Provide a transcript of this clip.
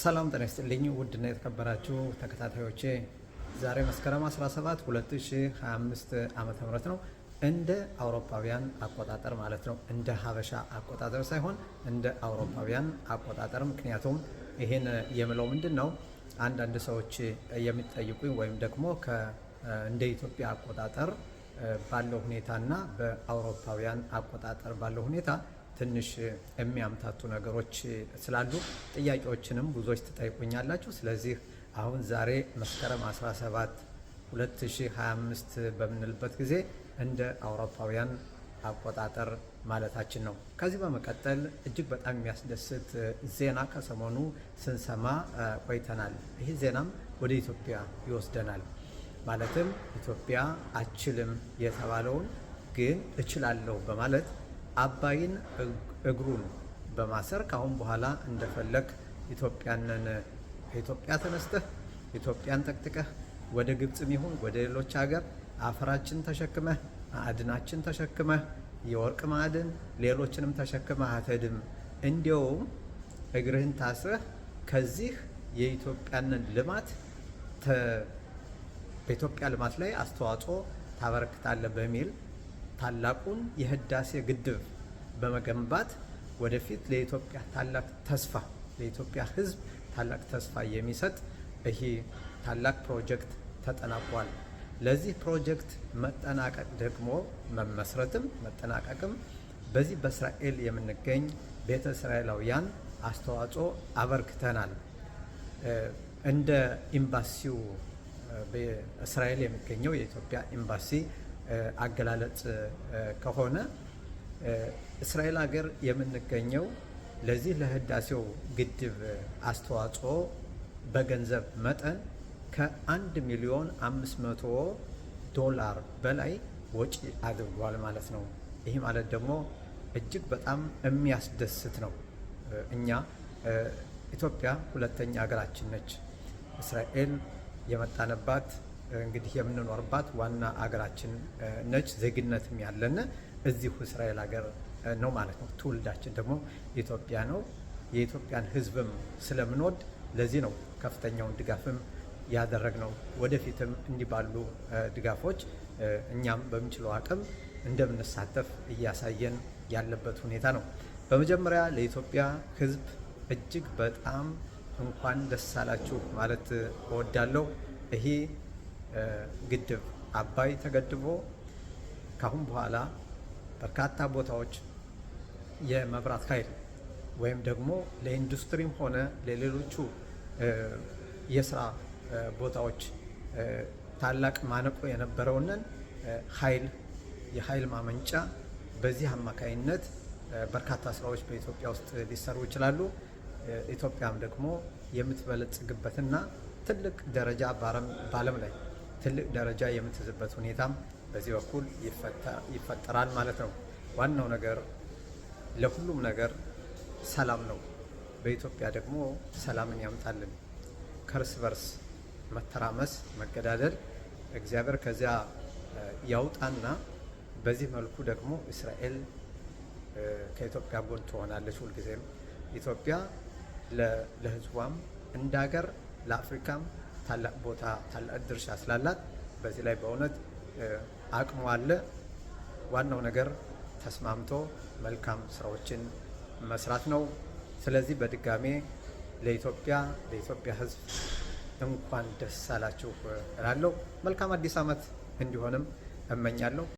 ሰላም ጤና ይስጥልኝ ውድና የተከበራችሁ ተከታታዮቼ፣ ዛሬ መስከረም 17 2025 ዓመተ ነው። እንደ አውሮፓውያን አቆጣጠር ማለት ነው። እንደ ሀበሻ አቆጣጠር ሳይሆን እንደ አውሮፓውያን አቆጣጠር። ምክንያቱም ይሄን የምለው ምንድን ነው፣ አንዳንድ ሰዎች የሚጠይቁኝ ወይም ደግሞ እንደ ኢትዮጵያ አቆጣጠር ባለው ሁኔታና በአውሮፓውያን አቆጣጠር ባለው ሁኔታ ትንሽ የሚያምታቱ ነገሮች ስላሉ ጥያቄዎችንም ብዙዎች ትጠይቁኛላችሁ። ስለዚህ አሁን ዛሬ መስከረም 17 2025 በምንልበት ጊዜ እንደ አውሮፓውያን አቆጣጠር ማለታችን ነው። ከዚህ በመቀጠል እጅግ በጣም የሚያስደስት ዜና ከሰሞኑ ስንሰማ ቆይተናል። ይህ ዜናም ወደ ኢትዮጵያ ይወስደናል። ማለትም ኢትዮጵያ አችልም የተባለውን ግን እችላለሁ በማለት አባይን እግሩን በማሰር ከአሁን በኋላ እንደፈለግ ኢትዮጵያንን ከኢትዮጵያ ተነስተህ ኢትዮጵያን ጠቅጥቀህ ወደ ግብፅም ይሁን ወደ ሌሎች ሀገር አፈራችን ተሸክመህ ማዕድናችን ተሸክመህ የወርቅ ማዕድን ሌሎችንም ተሸክመህ አትሄድም። እንዲያውም እግርህን ታስረህ ከዚህ የኢትዮጵያንን ልማት በኢትዮጵያ ልማት ላይ አስተዋጽኦ ታበረክታለህ በሚል ታላቁን የህዳሴ ግድብ በመገንባት ወደፊት ለኢትዮጵያ ታላቅ ተስፋ ለኢትዮጵያ ህዝብ ታላቅ ተስፋ የሚሰጥ ይሄ ታላቅ ፕሮጀክት ተጠናቋል። ለዚህ ፕሮጀክት መጠናቀቅ ደግሞ መመስረትም መጠናቀቅም በዚህ በእስራኤል የምንገኝ ቤተ እስራኤላውያን አስተዋጽኦ አበርክተናል። እንደ ኤምባሲው በእስራኤል የሚገኘው የኢትዮጵያ ኤምባሲ አገላለጽ ከሆነ እስራኤል ሀገር የምንገኘው ለዚህ ለህዳሴው ግድብ አስተዋጽኦ በገንዘብ መጠን ከአንድ ሚሊዮን አምስት መቶ ዶላር በላይ ወጪ አድርጓል ማለት ነው። ይህ ማለት ደግሞ እጅግ በጣም የሚያስደስት ነው። እኛ ኢትዮጵያ ሁለተኛ ሀገራችን ነች። እስራኤል የመጣነባት እንግዲህ የምንኖርባት ዋና አገራችን ነች። ዜግነትም ያለን እዚሁ እስራኤል ሀገር ነው ማለት ነው። ትውልዳችን ደግሞ ኢትዮጵያ ነው። የኢትዮጵያን ሕዝብም ስለምንወድ ለዚህ ነው ከፍተኛውን ድጋፍም ያደረግነው። ወደፊትም እንዲህ ባሉ ድጋፎች እኛም በምንችለው አቅም እንደምንሳተፍ እያሳየን ያለበት ሁኔታ ነው። በመጀመሪያ ለኢትዮጵያ ሕዝብ እጅግ በጣም እንኳን ደስ አላችሁ ማለት እወዳለሁ። ይሄ ግድብ አባይ ተገድቦ ካሁን በኋላ በርካታ ቦታዎች የመብራት ኃይል ወይም ደግሞ ለኢንዱስትሪም ሆነ ለሌሎቹ የስራ ቦታዎች ታላቅ ማነቆ የነበረውንን ኃይል የኃይል ማመንጫ በዚህ አማካይነት በርካታ ስራዎች በኢትዮጵያ ውስጥ ሊሰሩ ይችላሉ። ኢትዮጵያም ደግሞ የምትበለጽግበትና ትልቅ ደረጃ በዓለም ላይ ትልቅ ደረጃ የምትዝበት ሁኔታም በዚህ በኩል ይፈጠራል ማለት ነው። ዋናው ነገር ለሁሉም ነገር ሰላም ነው። በኢትዮጵያ ደግሞ ሰላምን ያምጣልን። ከእርስ በርስ መተራመስ፣ መገዳደል እግዚአብሔር ከዚያ ያውጣና በዚህ መልኩ ደግሞ እስራኤል ከኢትዮጵያ ጎን ትሆናለች። ሁልጊዜም ኢትዮጵያ ለሕዝቧም እንደ ሀገር ለአፍሪካም ታላቅ ቦታ ታላቅ ድርሻ ስላላት በዚህ ላይ በእውነት አቅሙ አለ። ዋናው ነገር ተስማምቶ መልካም ስራዎችን መስራት ነው። ስለዚህ በድጋሜ ለኢትዮጵያ ለኢትዮጵያ ሕዝብ እንኳን ደስ አላችሁ እላለሁ። መልካም አዲስ ዓመት እንዲሆንም እመኛለሁ።